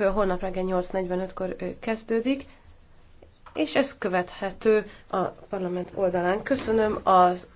Eh, holnap reggel 8.45-kor eh, kezdődik, és ez követhető a parlament oldalán. Köszönöm az